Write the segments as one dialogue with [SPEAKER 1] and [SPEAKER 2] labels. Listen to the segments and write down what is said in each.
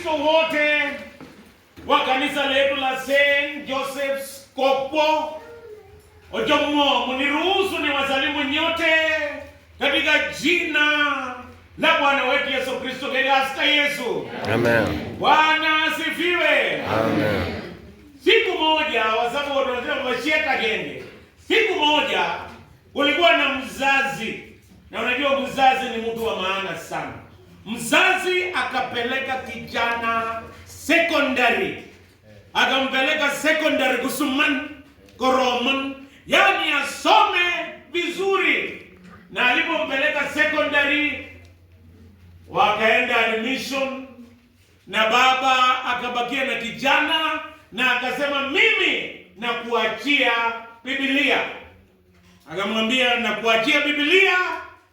[SPEAKER 1] Wakristo wote wa kanisa letu la Saint Joseph's Kopo Ojomo, mniruhusu ni wasalimu nyote katika jina la Bwana wetu Yesu Kristo katika Yesu. Amen. Bwana asifiwe.
[SPEAKER 2] Amen.
[SPEAKER 1] Siku moja wasabuwashieta genge, siku moja kulikuwa na mzazi, na unajua mzazi ni mtu wa maana sana Mzazi akapeleka kijana secondary, akampeleka secondary kusuman koroman, yani asome vizuri. Na alipompeleka secondary, wakaenda admission, na baba akabakia na kijana, na akasema mimi nakuachia Biblia, akamwambia nakuachia Biblia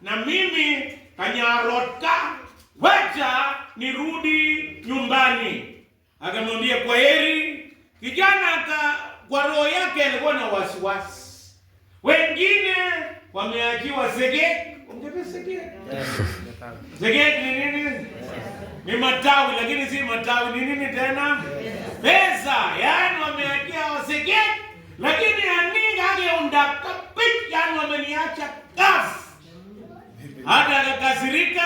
[SPEAKER 1] na mimi kanyarotka wacha nirudi nyumbani. Akamwambia kwa heri. Kijana aka kwa roho yake alikuwa na wasiwasi. Wengine wameajiwa sege, ungependa sege? ni nini? Ni matawi lakini si matawi, ni nini tena? Pesa, yaani wameachiwa wasege, lakini aninga hadi kapit, yaani wameniacha kasi. Hata akakasirika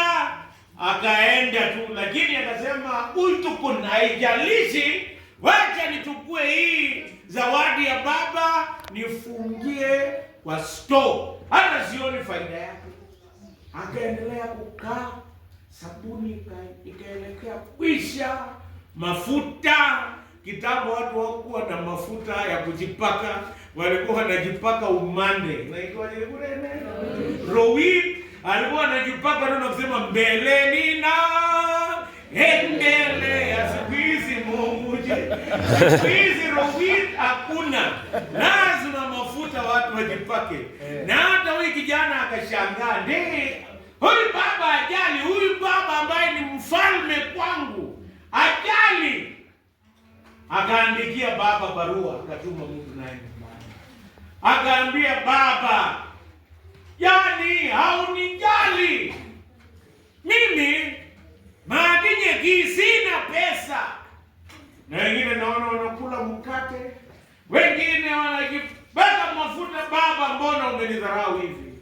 [SPEAKER 1] akaenda tu, lakini akasema utukun, haijalishi, wacha nichukue hii zawadi ya baba nifungie kwa store, hata sioni faida yake. Akaendelea kukaa, sabuni ikaelekea kwisha, mafuta kitambo watu wakuwa na mafuta ya kujipaka, walikuwa wanajipaka umande na ikiwa ile neno mm. rowii alikuwa anajipaka neno kusema ni na endelea. Siku hizi muunguje, siku hizi rowit hakuna, lazima mafuta watu wajipake. Eh. Na hata huyu kijana akashangaa, ndiye huyu baba ajali, huyu baba ambaye ni mfalme kwangu ajali. Akaandikia baba barua, akatuma mtu naye akaambia baba yaani haunijali mimi. Madinye kisina pesa, na wengine naona wanakula mkate, wengine wanajipaka mafuta. Baba, mbona umenidharau hivi?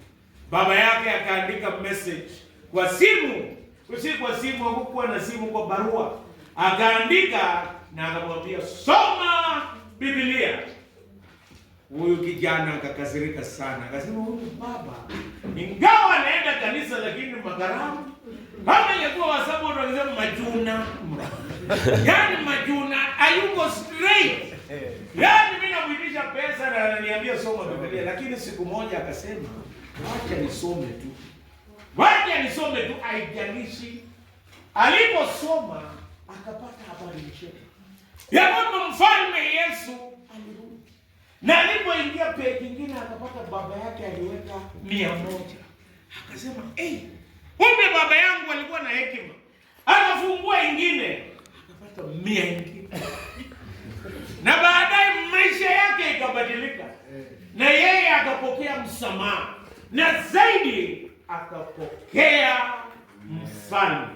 [SPEAKER 1] Baba yake akaandika message kwa simu, usi kwa simu, hakukuwa na simu, kwa barua akaandika, na akamwambia soma Biblia. Huyu kijana akakasirika sana, akasema huyu baba, ingawa anaenda kanisa lakini magharamu baba ingekuwa wasabu akasema majuna yaani majuna ayuko straight, yaani mimi namwitisha pesa na ananiambia soma Biblia, lakini siku moja akasema wacha nisome tu, wacha nisome tu, haijalishi. Aliposoma akapata habari njema ya kwamba mfalme Yesu na alipoingia peki nyingine akapata baba yake aliweka mia moja. Akasema hey, kumbe baba yangu alikuwa na hekima. Akafungua ingine akapata mia ingine na baadaye maisha yake ikabadilika, na yeye akapokea msamaha na zaidi akapokea mfano.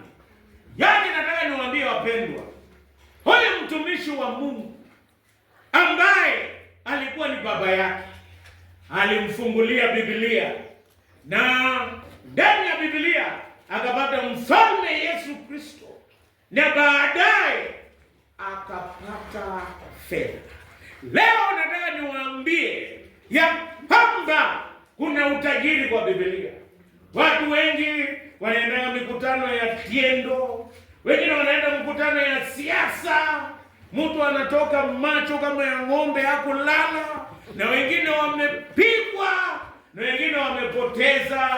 [SPEAKER 1] Yaani, nataka niwaambie wapendwa, huyu mtumishi wa Mungu ambaye alikuwa ni baba yake, alimfungulia Biblia na ndani ya Biblia akapata mfalme Yesu Kristo, na baadaye akapata fedha. Leo nataka niwaambie ya kwamba kuna utajiri kwa Biblia. Watu wengi wanaenda mikutano ya tiendo, wengine wanaenda mikutano ya siasa mtu anatoka macho kama ya ng'ombe hakulala, na wengine wamepigwa, na wengine wamepoteza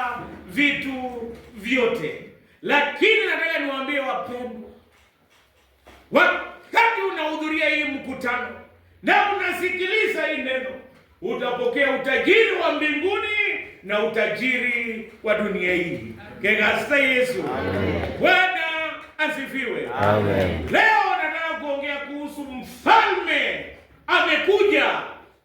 [SPEAKER 1] vitu vyote. Lakini nataka niwaambie wapendwa, wakati unahudhuria hii mkutano na unasikiliza hii neno, utapokea utajiri wa mbinguni na utajiri wa dunia hii. Kegasta Yesu, Bwana asifiwe.
[SPEAKER 2] Amen.
[SPEAKER 1] amekuja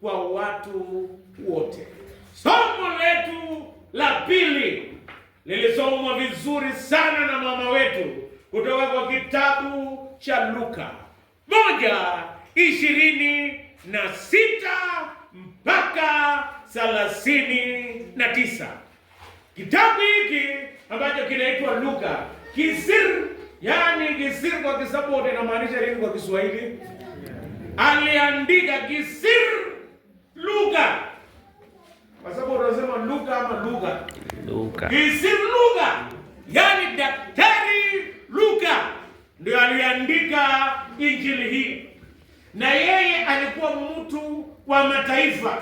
[SPEAKER 1] kwa watu wote. Somo letu la pili lilisomwa vizuri sana na mama wetu kutoka kwa kitabu cha Luka moja ishirini na sita mpaka thelathini na tisa. Kitabu hiki ambacho kinaitwa Luka kisir, yani kisir kwa Kisaboti inamaanisha nini kwa Kiswahili? aliandika kisir lugha, kwa sababu unasema lugha ama lugha lugha, kisir lugha, yani daktari lugha ndio aliandika injili hii, na yeye alikuwa mtu wa mataifa,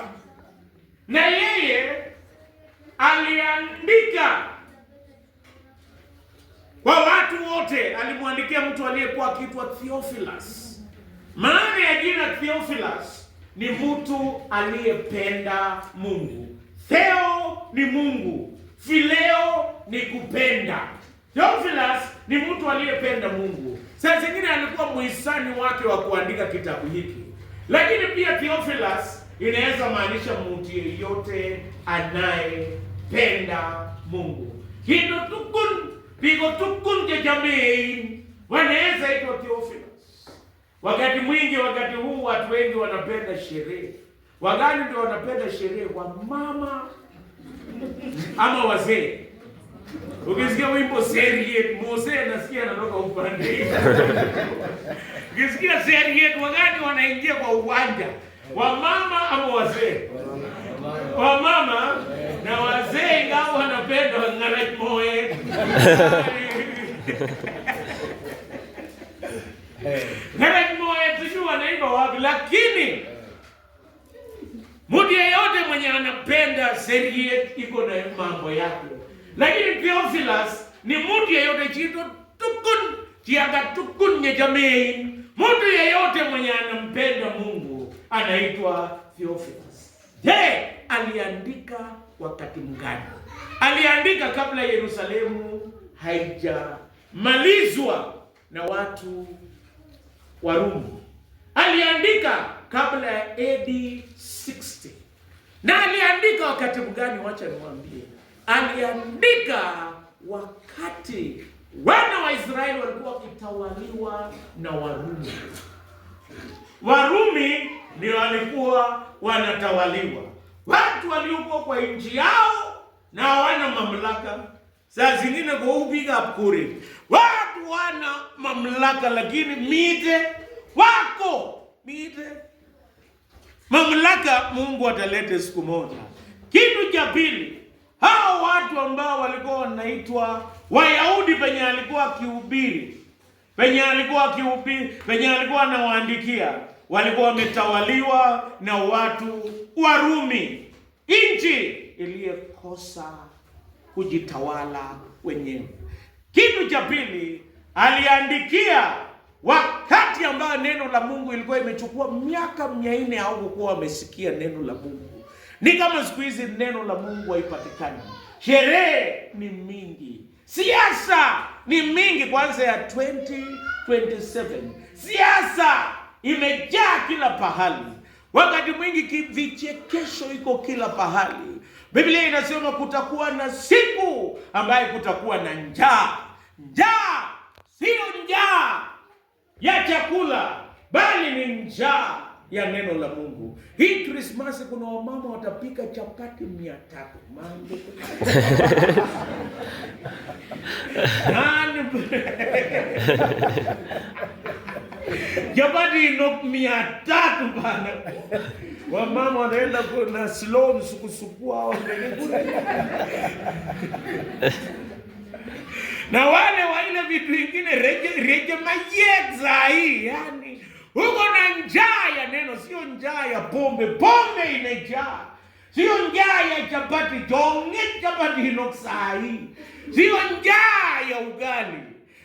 [SPEAKER 1] na yeye aliandika kwa watu wote. Alimwandikia mtu aliyekuwa akiitwa Theophilus maana ya jina Theophilus ni mtu aliyependa Mungu. Theo ni Mungu, Phileo ni kupenda. Theophilus ni mtu aliyependa Mungu. Saa zingine alikuwa muhisani wake wa kuandika kitabu hiki, lakini pia Theophilus inaweza maanisha mtu yeyote anayependa Mungu. hino tukun pigo tukun ja jamii wanaweza itwa Theophilus Wakati mwingi, wakati huu watu wengi wanapenda sherehe. Wagani ndio wanapenda sherehe, mama ama wazee. Ukisikia wimbo serie Mose, nasikia anatoka upande. Ukisikia serie, wagani wanaingia kwa uwanja, Wa mama ama wazee. mama na wazee, ingawa wanapenda wang'ara moe hatujui wanaimba wapi, lakini mtu yeyote mwenye anapenda serie iko na mambo yake, lakini Theophilus ni mtu yeyote chito tukun chiaga tukun nye jamii. Mtu yeyote mwenye anampenda Mungu anaitwa Theophilus. Je, aliandika wakati mgani? Aliandika kabla Yerusalemu haijamalizwa na watu Rumi aliandika kabla ya AD 60 na aliandika wakati gani? Wacha niwaambie, aliandika wakati wana wa Israeli walikuwa wakitawaliwa na Warumi. Warumi ndio walikuwa wanatawaliwa, watu waliokuwa kwa nchi yao na hawana mamlaka. Saa zingine kwa upiga kuri, watu wana mamlaka, lakini mite wako miite mamlaka. Mungu atalete siku moja. Kitu cha pili, hao watu ambao walikuwa wanaitwa Wayahudi penye alikuwa akihubiri, penye alikuwa akihubiri, penye alikuwa anawaandikia, walikuwa wametawaliwa na watu wa Rumi, nchi iliyekosa kujitawala wenyewe. Kitu cha pili aliandikia Wakati ambayo neno la Mungu ilikuwa imechukua miaka mia nne haukukuwa wamesikia neno la Mungu, ni kama siku hizi neno la Mungu haipatikani. Sherehe ni mingi, siasa ni mingi, kwanza ya 2027 siasa imejaa kila pahali, wakati mwingi vichekesho iko kila pahali. Biblia inasema kutakuwa na siku ambaye kutakuwa na njaa. Njaa sio njaa ya chakula, bali ni njaa ya neno la Mungu. Hii Christmas kuna wamama watapika chapati mia tatu mango chapati ino mia tatu bana, wamama wanaenda na slow msukusukua na wale ile vitu vingine reje, reje hii yani, huko na njaa ya neno, sio njaa ya pombe. Pombe imejaa, sio njaa ya chapati jonge chapati hinoksaa hii, sio njaa ya ugali,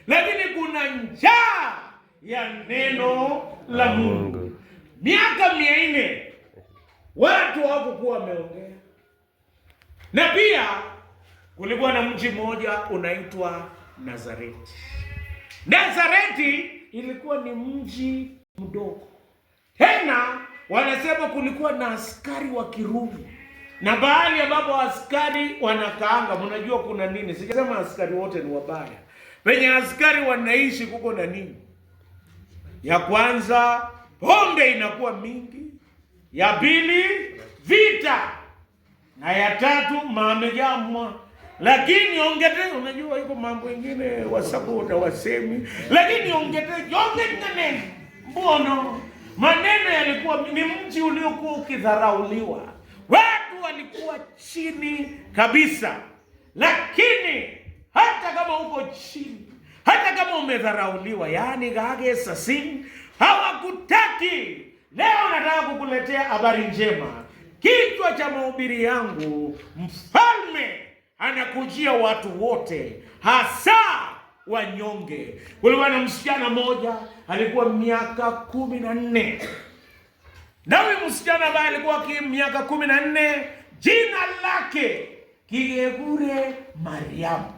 [SPEAKER 1] lakini kuna njaa ya neno la Mungu. Miaka mia nne watu hawakuwa wameongea na pia kulikuwa na mji mmoja unaitwa Nazareti. Nazareti ilikuwa ni mji mdogo tena, wanasema kulikuwa na askari wa Kirumi na bahali ambapo askari wanakaanga. Mnajua kuna nini? Sijasema askari wote ni wabaya, penye askari wanaishi kuko na nini? Ya kwanza pombe inakuwa mingi, ya pili vita, na ya tatu maamejamwa lakini ongete, unajua iko mambo ingine wasabuda wasemi, lakini ongete ongete neno mbono maneno yalikuwa ni mji uliokuwa ukidharauliwa, watu walikuwa chini kabisa. Lakini hata kama uko chini, hata kama umedharauliwa, yaani gage sasini hawakutaki. Leo nataka kukuletea habari njema. Kichwa cha mahubiri yangu, mfalme anakujia watu wote, hasa wanyonge. Kulikuwa na msichana mmoja alikuwa miaka kumi na nne na huyu msichana ambaye alikuwa miaka kumi na nne jina lake Kigegure Mariamu,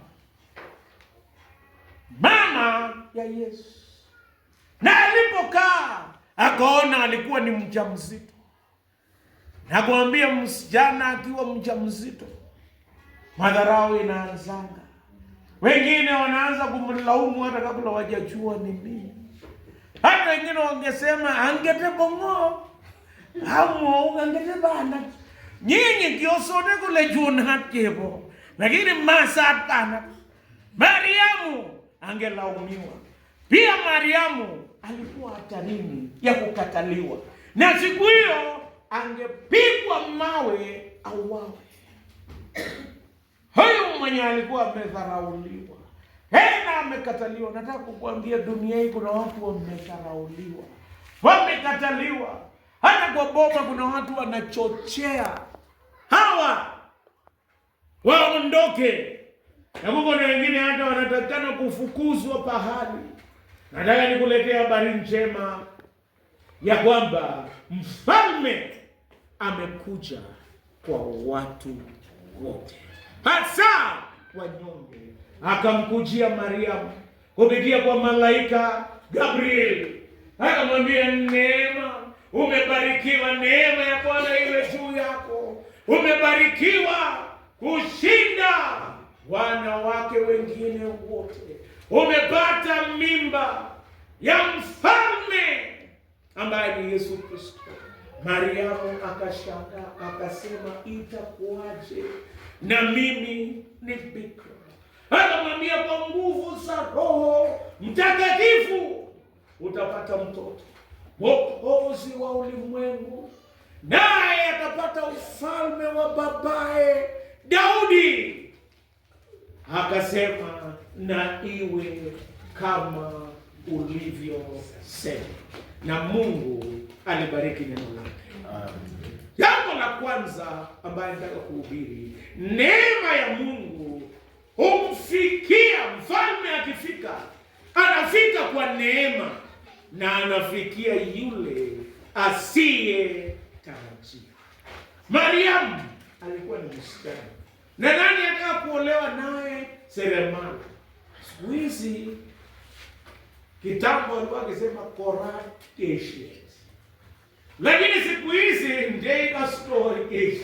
[SPEAKER 1] mama ya Yesu. Na alipokaa akaona alikuwa ni mjamzito, mzito nakuambia msichana akiwa mjamzito madharau inaanzanga. Wengine wanaanza kumlaumu hata kabla wajajua ni mimi. Hata wengine wangesema angetebong'o amwou angetebana nyinyi kiosode kule lakini masatana Mariamu angelaumiwa pia. Mariamu alikuwa hatarini ya kukataliwa, na siku hiyo angepigwa mawe auawe. Huyu mwenye alikuwa amedharauliwa tena amekataliwa. Nataka kukuambia dunia hii kuna watu wamedharauliwa, wamekataliwa. Hata kwa boma kuna watu wanachochea hawa waondoke, na kuko na wengine hata wanatakana kufukuzwa pahali. Nataka nikuletea habari njema ya kwamba mfalme amekuja kwa watu wote hasa wanyonge. Akamkujia Mariamu kupitia kwa malaika Gabriel, akamwambia neema, umebarikiwa, neema ya Bwana iwe juu yako, umebarikiwa kushinda wanawake wengine wote, umepata mimba ya mfalme ambaye ni Yesu Kristo. Mariamu akashangaa akasema, itakuwaje na mimi ni bikira? Anamwambia kwa nguvu za Roho Mtakatifu utapata mtoto mwokozi wa ulimwengu, naye atapata ufalme wa babaye Daudi. Akasema, na iwe kama ulivyosema. Na Mungu alibariki neno lake. Jambo la kwanza ambaye nataka kuhubiri, neema ya Mungu humfikia mfalme. Akifika anafika kwa neema na anafikia yule asiye tarajia. Mariamu alikuwa ni msichana, na nani anataka kuolewa naye? Seremala. Siku hizi kitambo alikuwa akisema korateshe Lakini siku hizi mjenga story keshi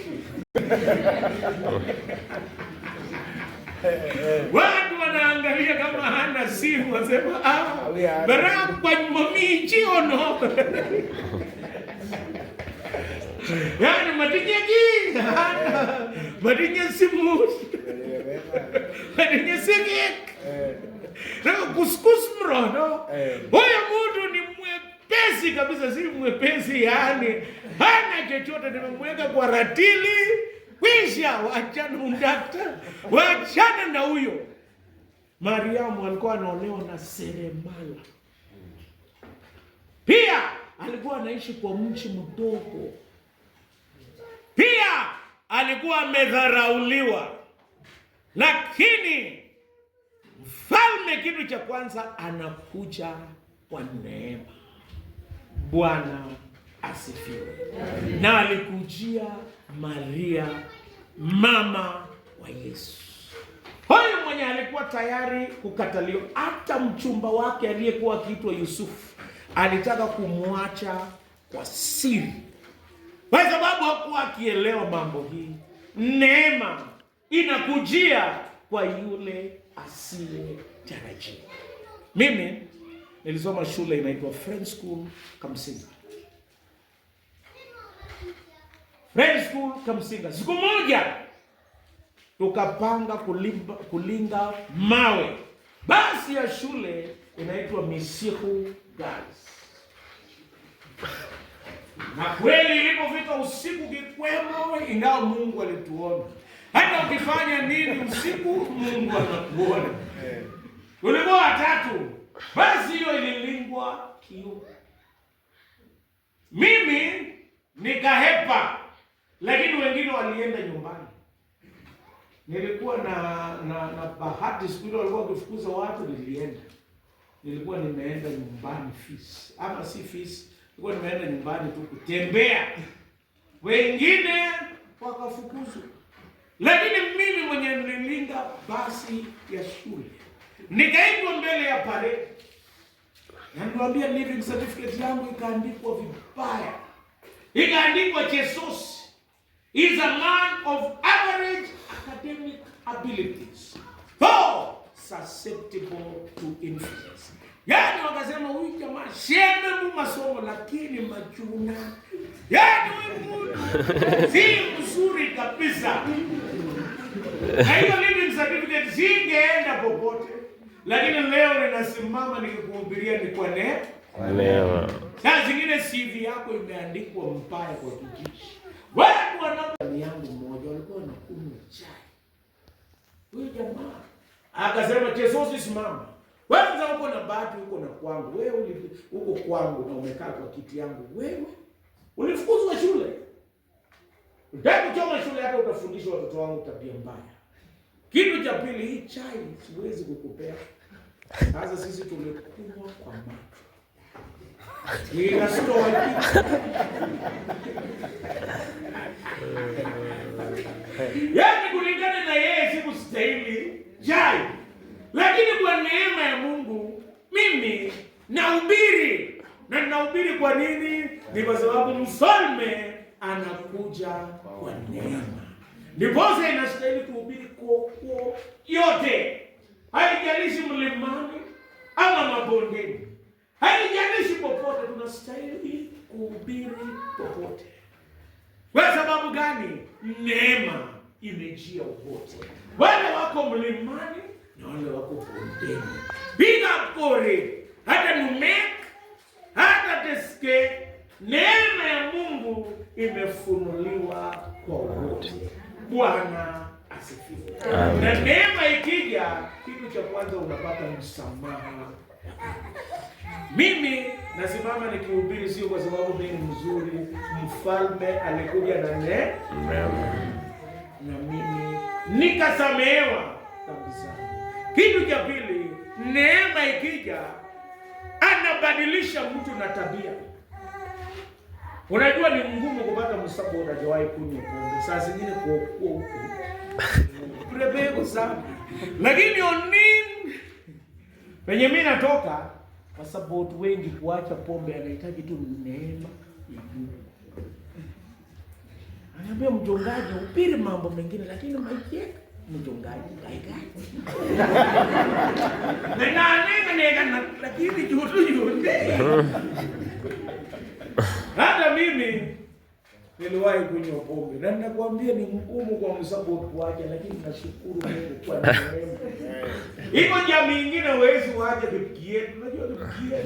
[SPEAKER 1] watu wanaangalia kama hana simu, wasema ah, barakwamomichiono yani matinye ki hana matinye simu matinye sigik nakuskus mrono eh. huyo mutu ni mwepe pesi kabisa, si mwepesi, yaani hana chochote, nimemweka kwa ratili. Kwisha, wachana undakta, wachana na huyo. Mariamu alikuwa anaolewa na seremala, pia alikuwa anaishi kwa mchi mdogo, pia alikuwa amedharauliwa, lakini mfalme, kitu cha kwanza anakuja kwa neema. Bwana asifiwe. Na alikujia Maria mama wa Yesu. Huyu mwenye alikuwa tayari kukataliwa, hata mchumba wake aliyekuwa akiitwa Yusufu alitaka kumwacha kwa siri, kwa sababu hakuwa akielewa mambo hii. Neema inakujia kwa yule asiye tarajia. Mimi nilisoma shule inaitwa Friend School Kamsinga, Friend School Kamsinga. Siku moja tukapanga kulimba, kulinga mawe. Basi ya shule inaitwa Misihu Girls na kweli ilipofika usiku kikwemo, ingawa Mungu alituona. Hata ukifanya nini usiku, Mungu anakuona. Eh. Ulikuwa watatu basi hiyo ililingwa kiu. Mimi nikahepa, lakini wengine walienda nyumbani. Nilikuwa na na, na bahati siku ile walikuwa wakifukuza watu, nilienda nilikuwa nimeenda nyumbani fees, ama si fees, nilikuwa nimeenda nyumbani tu kutembea, wengine wakafukuzwa, lakini mimi mwenye nilinga basi ya shule Nikaitwa mbele ya pale, na living certificate yangu ikaandikwa vibaya, ikaandikwa Jesus is a man of average academic abilities though susceptible to influence. Yaani wakasema huyu jamaa shembe mu masomo lakini machuna. Yaani huyu si mzuri kabisa. Na hiyo living certificate zingeenda popote lakini leo ninasimama nikikuhubiria ni kwa
[SPEAKER 2] neema.
[SPEAKER 1] Saa zingine CV yako imeandikwa mbaya kwa kijiji Watu wanani yangu mmoja walikuwa wanakunywa chai, huyu jamaa akasema, Chesosi, simama wenza, uko na bahati uko na kwangu wewe, uko kwangu na umekaa kwa kiti yangu wewe, ulifukuzwa shule Utaki kuchoma shule yako, utafundisha watoto wangu tabia mbaya. Kitu cha pili, hii chai siwezi kukupea. Sasa sisi tumekuwa kwa Nina story. Yaani kulingana na yeye siku stahili jai. Lakini kwa neema ya Mungu mimi nahubiri na ninahubiri kwa nini? Ni kwa sababu mfalme anakuja kwa neema. Ndiposa inastahili kuhubiri kwa yote haijalishi mlimani ama mabondeni, haijalishi popote, tunastahili kuhubiri popote. Kwa sababu gani? Neema imejia wote, wale wako mlimani na wale wako bondeni. bila kore, hata Numek, hata Teske, neema ya Mungu imefunuliwa kwa wote. Bwana asifiwe. Na neema ikija kitu cha kwanza unapata msamaha. Mimi nasimama nikihubiri sio kwa sababu mimi mzuri, mfalme alikuja na ne na mimi nikasamehewa kabisa. Kitu cha pili, neema ikija anabadilisha mtu na tabia. Unajua ni ngumu kupata msamaha, unajawahi kunywa pombe, saa zingine kuokoa huko urebeko sana lakini onin penye mi natoka, kwa sababu wengi kuacha pombe anahitaji tu neema ya Mungu. Anaambia mchungaji, upiri mambo mengine, lakini maisha mchungaji kaikai nenanenganegana lakini jutu yote hata mimi niliwahi kunywa pombe na ninakwambia ni ngumu kwa msababu wake, lakini nashukuru Mungu kwa neema hivyo. Jamii nyingine hawezi waje yetu, unajua vipikie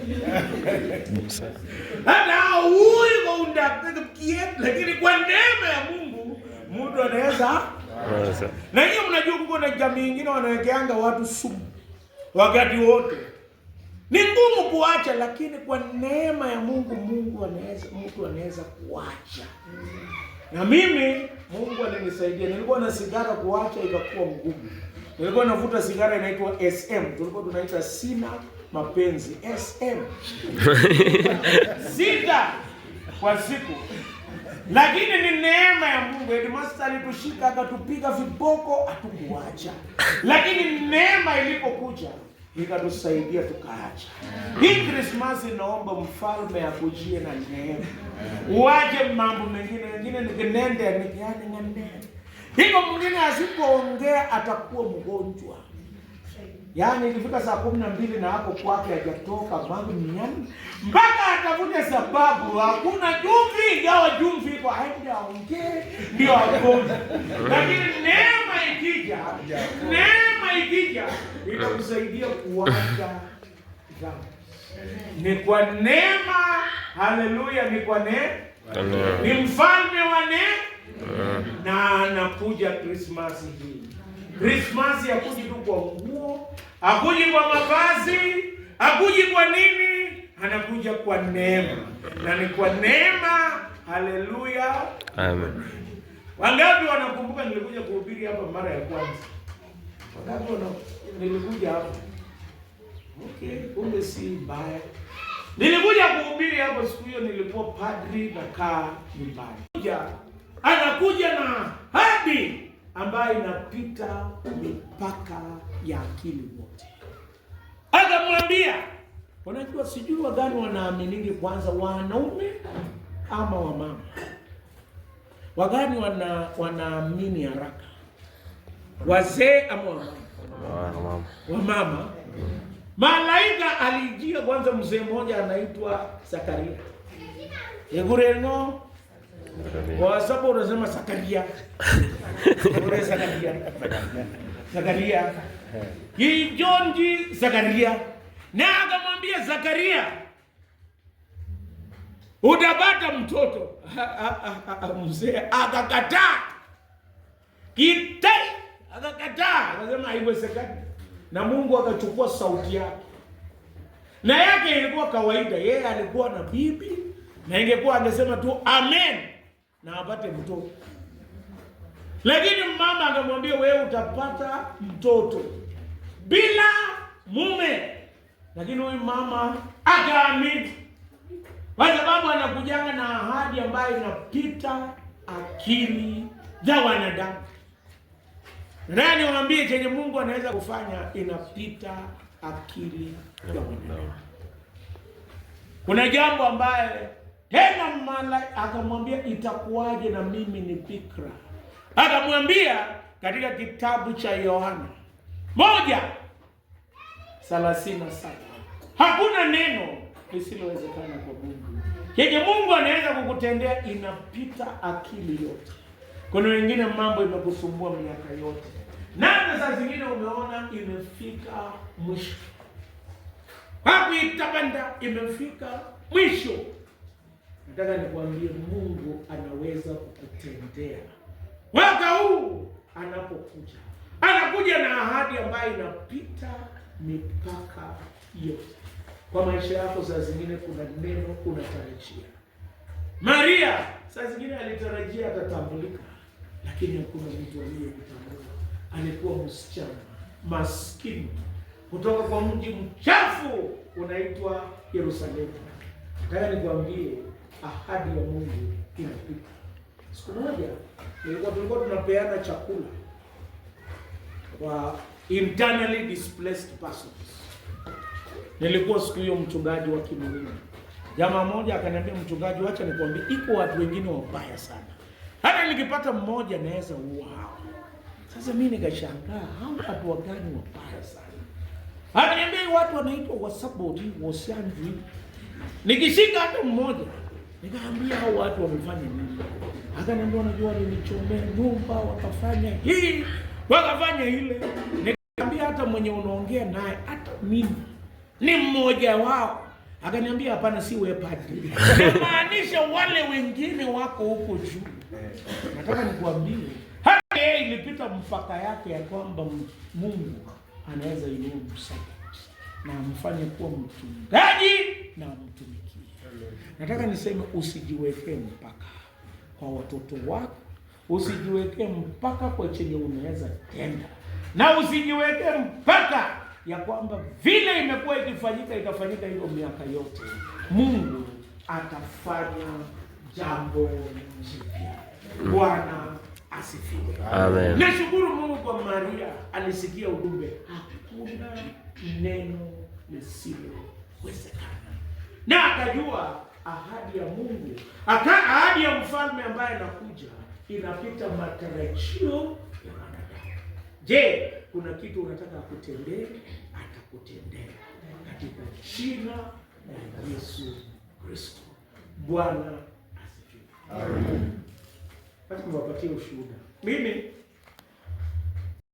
[SPEAKER 1] hata huyu kwa unda yetu, lakini kwa neema ya Mungu mtu anaweza na hiyo. Mnajua kuko na jamii nyingine wanawekeanga watu sumu wakati wote ni ngumu kuacha, lakini kwa neema ya Mungu, Mungu anaweza, mtu anaweza kuacha. Na mimi Mungu alinisaidia, nilikuwa na sigara, kuacha ikakuwa ngumu. Nilikuwa navuta sigara inaitwa SM, tulikuwa tunaita sina mapenzi SM sita kwa siku, lakini ni neema ya Mungu. Headmaster alitushika akatupiga viboko, atukuacha lakini neema ilipokuja ikatusaidia tukaacha. Hii Krismasi naomba mfalme akujie na neema, uache mambo mengine mengine. Nikinende nikiani ngende hiko mwingine asipoongea atakuwa mgonjwa Yaani ilifika saa kumi na mbili na hapo kwake hajatoka Birmingham mpaka atafute sababu. Hakuna jumvi, ingawa jumvi iko haende aongee ndio akoni, lakini neema ikija, neema ikija itakusaidia kuwacha dhambi. Ni kwa neema, haleluya! Ni kwa ne, ni mfalme wa ne, na anakuja Krismasi hii Krismasi hakuji tu kwa nguo, hakuji kwa mavazi, hakuji kwa nini, anakuja kwa neema, na ni kwa neema. Haleluya, amen. Wangapi wanakumbuka nilikuja kuhubiri hapa mara ya kwanza? Wangapi wana nilikuja hapa? Okay, kumbe si mbaya. Nilikuja kuhubiri hapo siku hiyo, nilikuwa padri na kaa nyumbani. Anakuja na hadi ambayo inapita mipaka ya akili wote. Akamwambia, unajua sijui wagani wanaaminigi kwanza, wanaume ama wamama? Wagani wana wanaamini haraka, wazee ama wamama? Wamama. Malaika alijia kwanza mzee mmoja anaitwa Zakaria egureno Wasabu unasema Sakaria. Ule Hii Jonji Sakaria. Na akamwambia Zakaria, utapata mtoto. Mzee akakataa. Kitai akakataa, akasema haiwezekani. Na Mungu akachukua sauti yake. Na yake ilikuwa kawaida, yeye alikuwa na bibi na ingekuwa angesema tu amen na apate mtoto. Lakini mama akamwambia, wewe utapata mtoto bila mume. Lakini huyu mama akaamini, kwa sababu anakujanga na ahadi ambayo inapita akili za wanadamu. Naye niwaambie chenye Mungu anaweza kufanya inapita akili ya wanadamu. Kuna jambo ambaye tena mala akamwambia itakuwaje na mimi ni fikra Akamwambia katika kitabu cha Yohana moja thelathini na saba hakuna neno lisilowezekana kwa Mungu. Yenye Mungu anaweza kukutendea inapita akili yote. Kuna wengine mambo imekusumbua miaka yote, nana saa zingine umeona imefika mwisho, hakuitabanda imefika mwisho nataka nikwambie, Mungu anaweza kukutendea mwaka huu anapokuja. Anakuja na ahadi ambayo inapita mipaka yote kwa maisha yako. Saa zingine kuna neno unatarajia. Maria saa zingine alitarajia atatambulika, lakini hakuna mtu aliyemtambua. Alikuwa msichana maskini kutoka kwa mji mchafu unaitwa Yerusalemu. Nataka nikwambie ahadi ya Mungu inapita. Siku moja nilikuwa tulikuwa tunapeana chakula kwa internally displaced persons. Nilikuwa siku hiyo mchungaji wa Kimilini, jamaa mmoja akaniambia, mchungaji, wacha nikwambie, iko watu wengine wabaya sana, hata nikipata mmoja naweza uua Sasa mimi nikashangaa, hao watu wagani wabaya sana? Akaniambia watu wanaitwa wasabodi wasianjui, nikishika hata mmoja Nikaambia hao watu wamefanya nini? Akaniambia unajua, nilichomea nyumba, wakafanya hii wakafanya ile. Nikaambia hata mwenye unaongea naye, hata mimi ni mmoja wao. Akaniambia hapana, si wewe padri, namaanisha wale wengine wako huko juu. Nataka nikuambie hata yeye ilipita mpaka yake ya kwamba Mungu anaweza inua msaada na amfanye kuwa mchungaji na mtumishi. Nataka niseme usijiwekee mpaka kwa watoto wako, usijiwekee mpaka kwa chenye unaweza tenda, na usijiwekee mpaka ya kwamba vile imekuwa ikifanyika ikafanyika hiyo miaka yote. Mungu atafanya jambo jipya. Bwana asifiwe, amen. Nashukuru Mungu kwa Maria alisikia ujumbe, hakuna neno lisilowezekana na akajua ahadi ya Mungu, aka ahadi ya mfalme ambaye anakuja inapita matarajio ya wanadamu. Je, kuna kitu unataka akutendee? Atakutendea katika jina la Yesu Kristo. Bwana asifiwe. Amen. Wapatie ushuhuda mimi